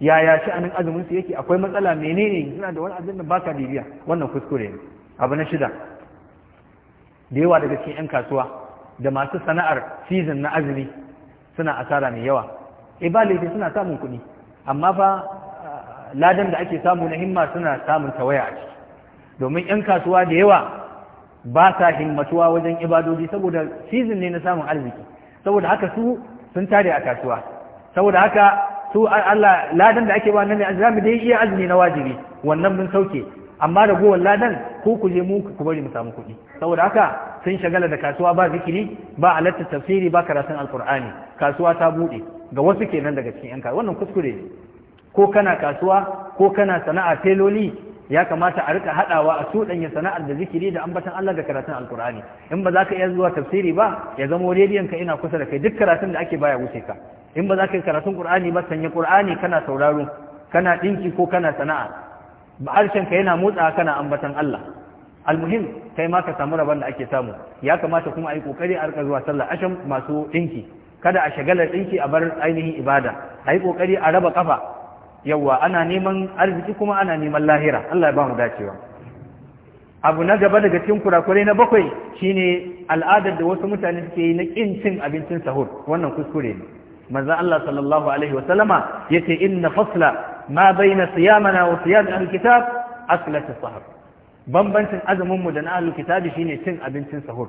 [SPEAKER 1] yaya sha'anin azumin su yake akwai matsala menene suna da wani azumin baka bibiya wannan kuskure ne abu na shida da yawa daga cikin 'yan kasuwa da masu sana'ar season na azumi suna asara mai yawa e ba laifi suna samun kuɗi amma fa ah, ladan da ake samu na himma suna samun tawaya a ciki domin 'yan kasuwa da yawa ba sa himmatuwa wajen ibadoji saboda season ne na samun arziki saboda haka su sun tare a kasuwa saboda haka su Allah ladan da ake ba nan ne za mu dai iya azumi na wajibi wannan mun sauke amma da gowar ladan ko ku je mu ku bari mu samu kuɗi saboda haka sun shagala da kasuwa ba zikiri ba alatta tafsiri ba karatun alkur'ani kasuwa ta buɗe ga wasu kenan daga cikin yan wannan kuskure ne ko kana kasuwa ko kana sana'a teloli ya kamata a rika haɗawa a cuɗanya sana'ar da zikiri da ambatan Allah da karatun alkur'ani in ba za ka iya zuwa tafsiri ba ya zama rediyon ka ina kusa da kai duk karatun da ake baya wuce ka in ba za ka yi karatun ƙur'ani ba sanya ƙur'ani kana sauraro kana ɗinki ko kana sana'a harshen ka yana motsa kana ambatan Allah almuhim kai ma ka samu rabon da ake samu ya kamata kuma a yi kokari a rika zuwa sallah, asham masu ɗinki. kada a shagalar ɗinki a bar ainihin ibada a yi kokari a raba kafa yawwa ana neman arziki kuma ana neman lahira Allah ya ba mu dacewa abu na gaba daga cikin kurakurai na bakwai shine al'adar da wasu mutane suke yi na ƙin cin abincin sahur wannan kuskure ne manzon Allah sallallahu alaihi wa sallama yace inna fasla ma baina siyamana wa siyam ahlul kitab aklat as bambancin azumin da na alkitabi kitab shine cin abincin sahur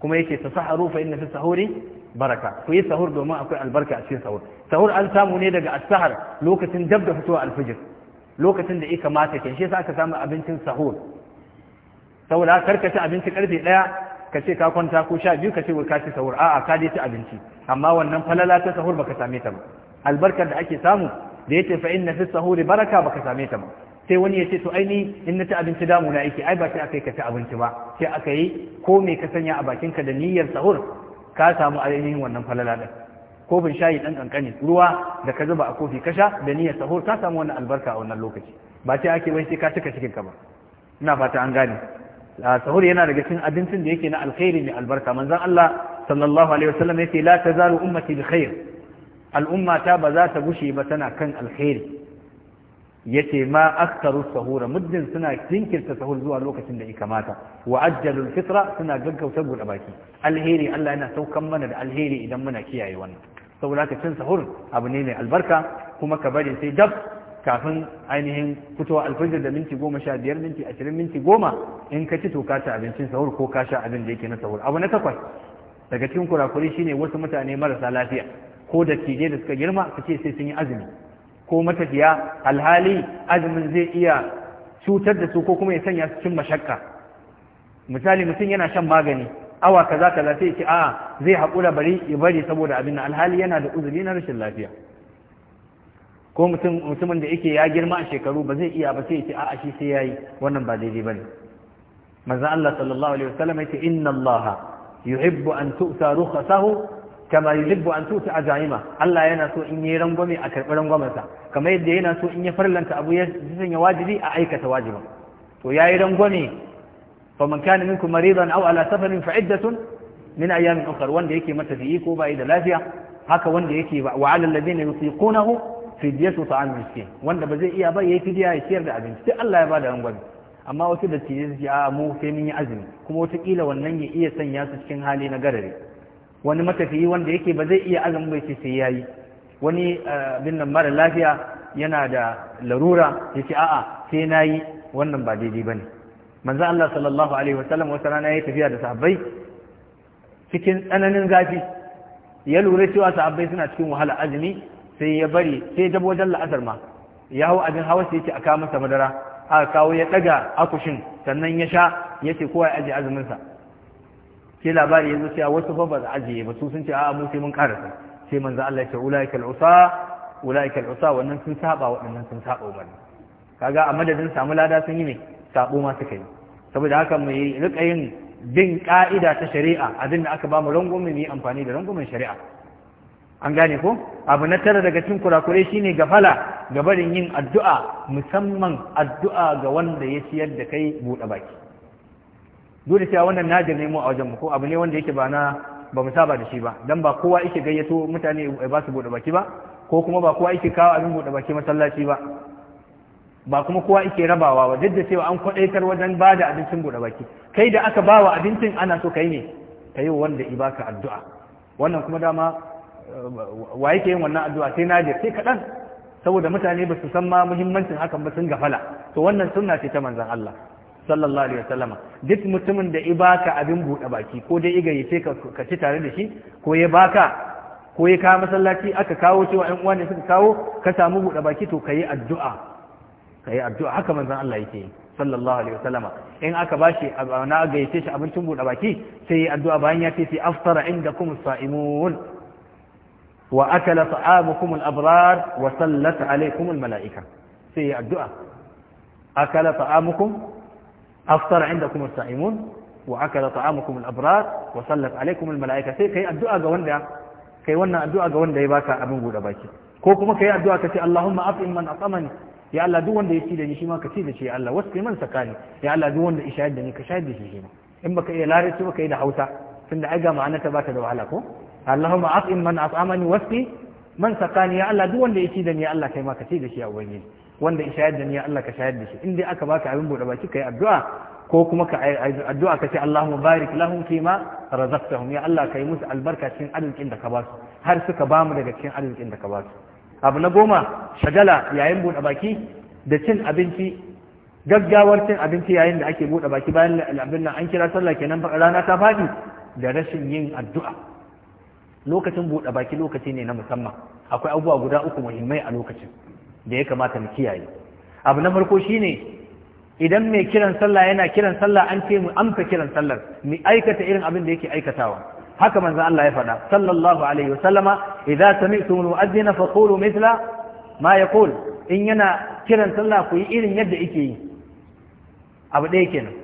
[SPEAKER 1] kuma yake tasaharu fa inna fi sahuri baraka ku yi sahur domin akwai albarka a cikin sahur sahur an samu ne daga asahar lokacin dab da fitowa alfijir lokacin da ya kamata kin shi yasa aka samu abincin sahur saboda karka ci abinci karfe 1 ka ce ka kwanta ko sha biyu ka ce ka ci sahur a'a ka dai ci abinci amma wannan falala ta sahur baka same ta ba albarkar da ake samu da yace fa inna fi sahuri baraka baka same ta ba sai wani ya ce to aini in na ci abinci damu na yake ai ba sai aka yi ka ta abinci ba sai aka yi ko me ka sanya a ka da niyyar sahur ka samu ainihin wannan falala din kofin shayi dan kankani ruwa da ka zuba a kofi ka sha da niyyar sahur ka samu wannan albarka a wannan lokaci ba sai ake wai sai ka cika cikin ka ba ina fata an gane sahur yana daga cikin abincin da yake na alkhairi mai albarka manzon Allah sallallahu alaihi wasallam yace la tazalu ummati bi khair al'umma ba za ta bushe ba tana kan alkhairi yace ma aktharu sahura muddin suna jinkirta sahur zuwa lokacin da ya kamata wa fitra suna gaggauta guda baki alheri Allah yana saukan mana da alheri idan muna kiyaye wannan saboda ka cin sahur abu ne mai albarka kuma ka bari sai dab kafin ainihin fitowa alfajir da minti goma sha biyar minti ashirin minti goma in ka ci to ka abincin sahur ko ka sha abin da yake na sahur abu na takwas daga cikin kurakuri shine wasu mutane marasa lafiya ko da tije da suka girma su ce sai sun yi azumi ko matafiya alhali azumin zai iya cutar da su ko kuma ya sanya su cin mashakka misali mutum yana shan magani awa kaza kaza sai ce a zai haƙura bari ya bari saboda abin alhali yana da uzuri na rashin lafiya ko mutum mutumin da yake ya girma a shekaru ba zai iya ba sai ce a'a shi sai yayi wannan ba daidai bane manzo Allah sallallahu alaihi wasallam yace inna Allah yuhibbu an tu'ta rukhasahu kama yuhibbu an tu'ta ajaima Allah yana so in yi rangwame a karbi rangwamarsa. kamar yadda yana so in ya farlanta abu ya sanya wajibi a aikata wajibin to yayi rangwame faman kana minkum maridan aw ala safarin fa iddatun min ayamin ukhra wanda yake mata matafiyi ko bai da lafiya haka wanda yake wa alal ladina yusiqunahu fidyatu ta'am miskin wanda ba zai iya ba ya yayi fidiya ya ciyar da abinci sai Allah ya bada rangwame amma wasu da tijin su a mu sai mun yi azumi kuma kila wannan ya iya sanya su cikin hali na garare wani matafiyi wanda yake ba zai iya azumi bai ce sai ya yi wani eh, bin nan mara lafiya yana da larura ya ce a'a sai na yi wannan ba daidai ba ne manzo Allah sallallahu alaihi wasallam wata rana ya tafiya da sahabbai cikin tsananin zafi ya lura cewa sahabbai suna cikin wahala azumi sai ya bari sai ya dabo wajen la'asar ma ya hau abin hawa sai ya ce a kawo masa madara A kawo ya daga akushin sannan ya sha ya ce kowa ya aji azuminsa Ke labari ya zuciya wasu fa ba ajiye ba su sun ce a'a mu mun karasa sai manzo Allah ya ce ulaikal usa ulaikal usa wannan sun saba waɗannan sun saba umarni kaga a madadin samu lada sun yi ne sabo masu kai saboda haka mu rika yin bin ka'ida ta shari'a abin da aka ba mu rangwamen yi amfani da rangumin shari'a an gane ko abu na tara daga cikin kurakurai shine gafala ga barin yin addu'a musamman addu'a ga wanda ya ciyar da kai buɗe baki dole cewa wannan najir ne mu a wajen mu ko abu ne wanda yake ba na ba mu saba da shi ba dan ba kowa yake gayyato mutane ba su buɗe baki ba ko kuma ba kowa yake kawo abin buɗe baki masallaci ba ba kuma kowa yake rabawa ba duk da cewa an kwadaitar wajen ba da abincin buɗe baki kai da aka bawa abincin ana so kai ne kai wanda ibaka addu'a wannan kuma dama wa yake yin wannan addu'a sai na sai kaɗan saboda mutane ba su san ma muhimmancin hakan ba sun gafala to wannan sunna ce ta manzon Allah sallallahu alaihi wasallam duk mutumin da ibaka abin buɗe baki ko dai igaye sai ka ci tare da shi ko ya baka ko ya ka masallaci aka kawo cewa ƴan uwa ne suka kawo ka samu buɗe baki to kayi addu'a kayi addu'a haka manzon Allah yake yi sallallahu alaihi wasallam in aka bashi na gayyace shi abincin buɗe baki sai yi addu'a bayan ya ce sai aftara indakum sa'imun وأكل طعامكم الأبرار وسلت عليكم الملائكة في الدعاء أكل طعامكم أفطر عندكم السائمون وأكل طعامكم الأبرار وسلت عليكم الملائكة في كي الدعاء جواندا كي ونا الدعاء جواندا يباك أبو بودا باكي كوكما كي الدعاء كتي اللهم أطعم من أطمني يا الله duk wanda ya ci da ni shi ma ka ci da shi ya Allah wasu man sakani ya Allah duk wanda ya shahid da ni ka shahid da shi shi ma in baka iya larabci baka Allahumma at'im man at'amani wasqi man sakani ya Allah duk wanda ya ci da ni Allah kai ma ka ci da shi a ubangiji wanda ya shayar da ni Allah ka shayar da shi in dai aka baka abin bude baki kai addu'a ko kuma ka addu'a ka ce Allahumma barik lahum fima razaqtahum ya Allah kai musu albarka cikin arzikin da ka ba su har suka ba mu daga cikin arzikin da ka ba su abu na goma shagala yayin bude baki da cin abinci gaggawar cin abinci yayin da ake bude baki bayan abin nan an kira sallah kenan rana ta faɗi da rashin yin addu'a lokacin buɗe baki lokaci ne na musamman akwai abubuwa guda uku muhimmai a lokacin da ya kamata mu kiyaye abu na farko shine idan mai kiran sallah yana kiran sallah an ce mu amsa kiran sallar mu aikata irin abin da yake aikatawa haka manzo Allah ya faɗa sallallahu alaihi wasallama idza sami'tum al-mu'adhdhina faqulu mithla ma yaqul in yana kiran sallah ku yi irin yadda yake yi abu ɗaya kenan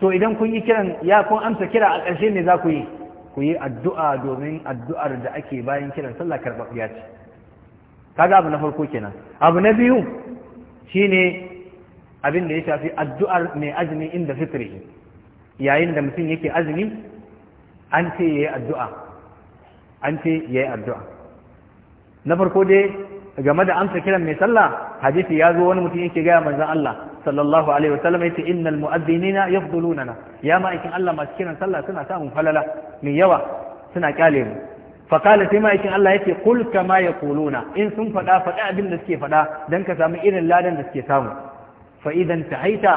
[SPEAKER 1] to idan kun yi kiran ya kun amsa kira a ƙarshe ne za ku yi ku yi addu'a domin addu'ar da ake bayan kiran sallah karɓaɓɓiya ce kaga abu na farko kenan abu na biyu shine abin da ya shafi addu'ar mai azumi inda fitri yayin da mutum yake azumi an ce ya yi addu'a an ce ya yi addu'a na farko dai game da amsa kiran mai sallah hadisi ya zo wani mutum yake gaya manzan Allah sallallahu alaihi wasallam yace innal mu'adhdhinina yafdulunana ya ma'aikin Allah masu kiran sallah suna samun falala mai yawa suna kyale mu fa qala sai ma'aikin Allah yace qul kama yaquluna in sun fada fada abin da suke fada dan ka samu irin ladan da suke samu fa idan haita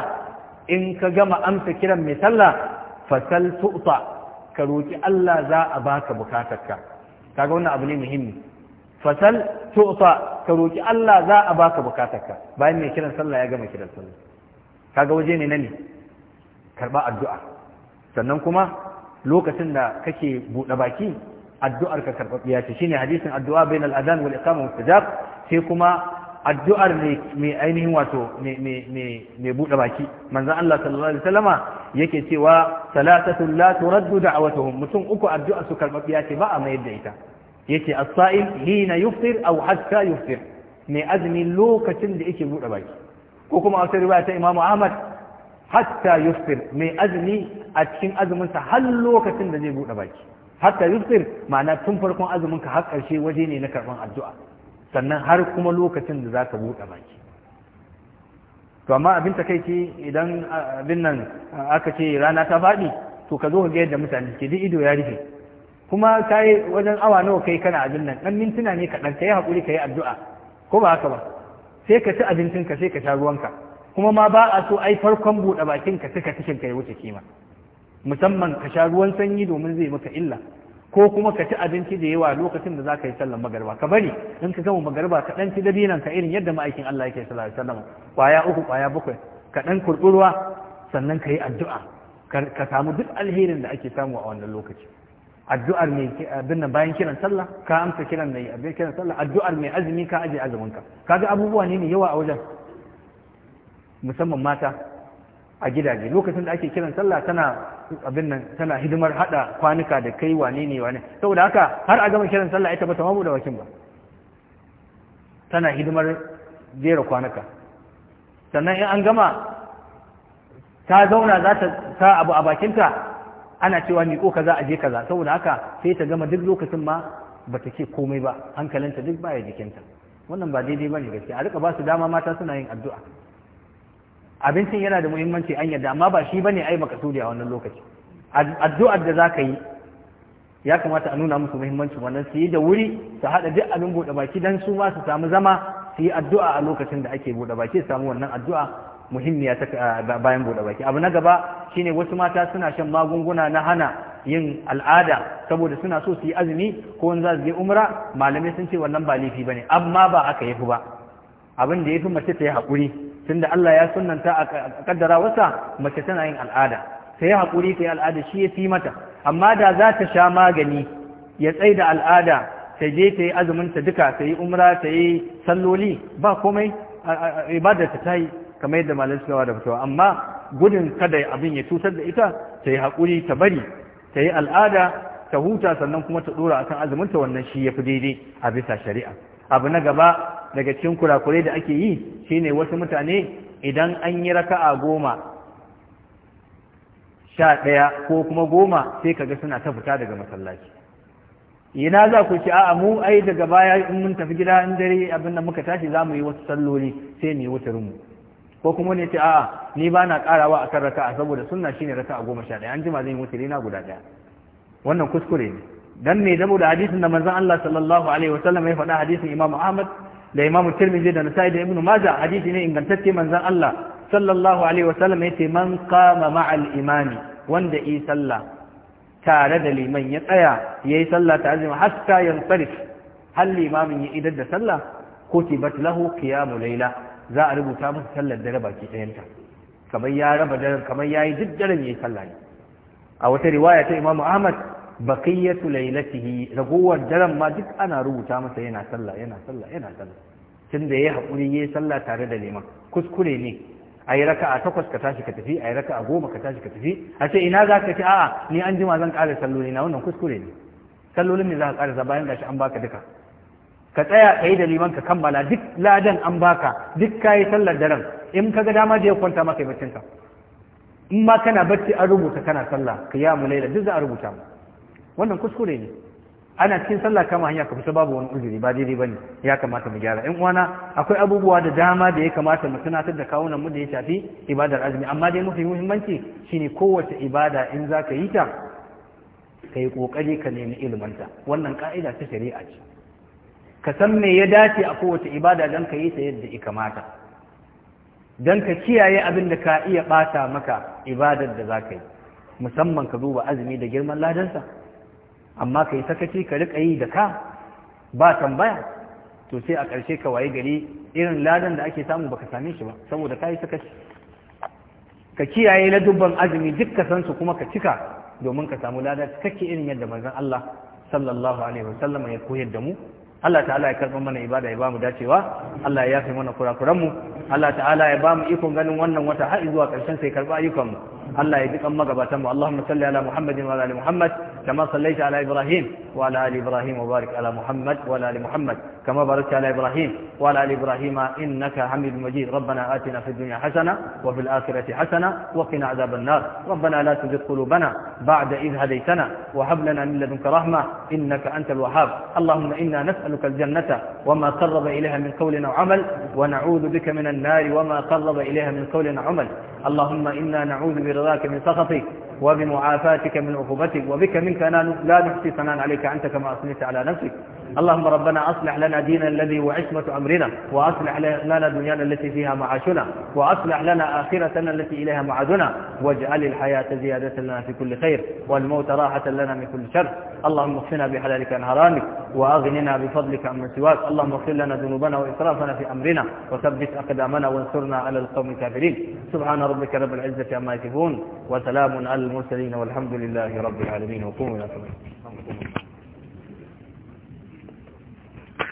[SPEAKER 1] in ka gama amsa kiran mai sallah fasal tu'ta ka roki Allah za a baka bukatarka kaga wannan abu ne muhimmi fasal tu'ta ka roki Allah za a baka bukatarka bayan mai kiran sallah ya gama kiran sallah kaga waje ne nani ne karba addu'a sannan kuma lokacin da kake buɗe baki addu'ar ka karɓaɓɓiya ce shine hadisin addu'a bainal adan wal iqama mustajab sai kuma addu'ar mai ainihin wato mai buɗe baki manzan Allah sallallahu Alaihi wasallama yake cewa salatatun la turaddu da'awatuhum mutum uku addu'a su karɓaɓɓiya ce ba a mayar da ita yace as hina yuftir aw hatta yuftir mai azumi lokacin da yake bude baki ko kuma a riwaya ta Imam Ahmad hatta yuftir mai azumi a cikin azumin sa har lokacin da zai bude baki hatta yuftir ma'ana tun farkon azumin ka har karshe waje ne na karban addu'a sannan har kuma lokacin da zaka bude baki to amma abin takeici idan abin nan aka ce rana ta faɗi to ka zo ka ga yadda mutane ke duk ido ya rufe kuma kai wajen awa nawa kai kana abin nan dan mintuna ne kaɗan ka yi haƙuri ka yi addu'a ko ba haka ba sai ka ci abincin ka sai ka sha ruwanka kuma ma ba a so ai farkon buɗe bakinka suka cikin ka ya wuce kima musamman ka sha ruwan sanyi domin zai maka illa ko kuma ka ci abinci da yawa lokacin da za ka yi sallar magarba ka bari in ka gama magarba ka ɗan ci dabinan ka irin yadda ma'aikin Allah yake sallallahu alaihi wasallam kwaya uku kwaya bakwai ka ɗan kurɓi sannan ka yi addu'a ka samu duk alherin da ake samu a wannan lokaci addu'ar mai abin bayan kiran sallah ka amsa kiran mai abin kiran sallah addu'ar mai azumi ka aje azumin ka ga abubuwa ne mai yawa a wajen musamman mata a gidaje lokacin da ake kiran sallah tana abin nan tana hidimar hada kwanuka da kai wane ne wane saboda haka har a gama kiran sallah ita ba ta mamu da wakin ba tana hidimar jera kwanuka sannan in an gama ta zauna za ta sa abu a bakinta ana cewa miko kaza a je kaza saboda haka sai ta gama duk lokacin ma ba ta ce komai ba hankalinta duk baya jikinta wannan ba daidai bane gaskiya a rika ba su dama mata suna yin addu'a abincin yana da muhimmanci an yadda amma ba shi bane ai makasudi a wannan lokaci addu'ar da zaka yi ya kamata a nuna musu muhimmanci wannan su yi da wuri su haɗa duk abin buɗe baki dan su ma su samu zama su yi addu'a a lokacin da ake buɗe baki su samu wannan addu'a muhimmiya ta bayan buɗe baki abu na gaba shine wasu mata suna shan magunguna na hana yin al'ada saboda suna so su yi azumi ko wani za su je umra malamai sun ce wannan ba laifi bane amma ba aka yi ba abin da yafi mace ta yi tun tunda Allah ya sunnanta a kaddara wasa mace tana yin al'ada ta yi hakuri ta yi al'ada shi ya fi mata amma da za ta sha magani ya tsaida al'ada ta je ta yi azumin ta duka ta yi umra ta yi salloli ba komai ibadar ta ta yi kamar yadda malam suka da fitowa amma gudun kada abin ya cutar da ita ta yi haƙuri ta bari ta yi al'ada ta huta sannan kuma ta ɗora akan azumin ta wannan shi ya fi daidai a bisa shari'a abu na gaba daga cikin kurakurai da ake yi shine wasu mutane idan an yi raka'a goma sha ɗaya ko kuma goma sai ka ga suna ta fita daga masallaci ina za ku ci a'a mu ai daga baya in mun tafi gida in dare abin da muka tashi za mu yi wasu salloli sai mu yi wutarinmu ko kuma ne ce a'a ni ba na karawa akan a saboda sunna shine a goma sha ɗaya an jima zan yi wutiri na guda ɗaya wannan kuskure ne dan me saboda hadisin da manzon Allah sallallahu alaihi wasallam ya faɗa hadisin Imam Ahmad da Imam Tirmidhi da Nasa'i da Ibn Majah hadisi ne ingantacce manzon Allah sallallahu alaihi wasallam ya ce man qama ma'al imani wanda yi sallah tare da liman ya tsaya yayi sallah ta azumi hatta yansarif hal limamin ya idar da sallah kutibat batlahu qiyamu layla za a rubuta masa sallar dare baki ɗayanta kamar ya raba daren kamar ya yi duk daren ya yi sallah ne a wata riwaya ta Imam ahmad baqiyatu laylatihi ragowar daren ma duk ana rubuta masa yana sallah yana sallah yana sallah tun da ya haƙuri ya yi sallah tare da neman kuskure ne a yi raka a takwas ka tashi ka tafi a yi raka a goma ka tashi ka tafi a ce ina za ka ci a'a ni an jima zan ƙara salloli na wannan kuskure ne sallolin ne za ka ƙarasa bayan gashi an baka duka ka tsaya ka yi da liman ka kammala duk ladan an baka duk ka yi sallar daren in ka ga dama da ya kwanta maka yi ka in ma kana bacci an rubuta kana sallah ka ya mu laila duk za a rubuta mu wannan kuskure ne ana cikin sallah kama hanya ka fita babu wani uzuri ba daidai bane ya kamata mu gyara in uwana akwai abubuwa da dama da ya kamata mu tunatar da kawunan mu da ya shafi ibadar azumi amma dai mafi muhimmanci shine kowace ibada in za ka yi ta ka yi kokari ka nemi ilmanta wannan ka'ida ta shari'a ce ka san me ya dace a kowace ibada don ka yi ta yadda ya kamata don ka kiyaye abin da ka iya ɓata maka ibadar da za ka yi musamman ka duba azumi da girman ladansa amma ka yi sakaci ka riƙa yi da ka ba tambaya to sai a ƙarshe ka waye gari irin ladan da ake samu baka same shi ba saboda ka yi sakaci ka kiyaye na dubban azumi duk ka san su kuma ka cika domin ka samu lada cikakke irin yadda manzon Allah sallallahu alaihi wasallam ya koyar da mu Allah ta'ala ya karɓi mana ibada ya bamu dacewa Allah ya yafe mana kurakuran mu Allah ta'ala ya bamu ikon ganin wannan wata har zuwa ƙarshen sai karɓi ayyukanmu. mu Allah ya ji kan magabatan mu Allahumma salli ala Muhammadin wa ala Muhammad كما صليت على إبراهيم وعلى آل إبراهيم وبارك على محمد وعلى آل محمد كما باركت على إبراهيم وعلى آل إبراهيم إنك حميد مجيد ربنا آتنا في الدنيا حسنة وفي الآخرة حسنة وقنا عذاب النار ربنا لا تزغ قلوبنا بعد إذ هديتنا وهب لنا من لدنك رحمة إنك أنت الوهاب اللهم إنا نسألك الجنة وما قرب إليها من قول أو عمل ونعوذ بك من النار وما قرب إليها من قول أو عمل اللهم إنا نعوذ برضاك من سخطك وبمعافاتك من عقوبتك وبك منك لا نحصي ثناء عليك أنت كما أثنيت على نفسك اللهم ربنا أصلح لنا دينا الذي هو عصمة أمرنا وأصلح لنا دنيانا التي فيها معاشنا وأصلح لنا آخرتنا التي إليها معادنا واجعل الحياة زيادة لنا في كل خير والموت راحة لنا من كل شر اللهم اغفنا بحلالك عن حرامك وأغننا بفضلك عن سواك اللهم اغفر لنا ذنوبنا وإسرافنا في أمرنا وثبت أقدامنا وانصرنا على القوم الكافرين سبحان ربك رب العزة عما يصفون وسلام على المرسلين والحمد لله رب العالمين وقوموا إلى صلاة